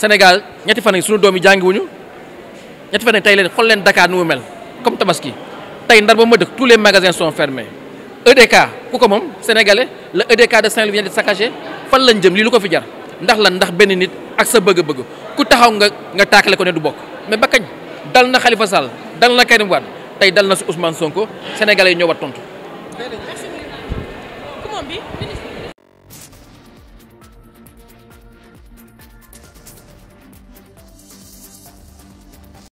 Senegal, ñetti fane suñu doomi jangi wuñu ñetti fane tay leen xool leen Dakar nu mel comme Tabaski tay ndar ba ma dëkk tous les magasins sont fermés EDK ku ko mom sénégalais le EDK de Saint-Louis vient de saccager fan lañ jëm li lu ko fi jar ndax lan ndax ben nit ak sa bëgg-bëgg ku taxaw nga nga taakale ko né du bok mais ba dal na Khalifa Sall dal na Karim Wade tay dal na Ousmane Sonko sénégalais ñoo war tontu.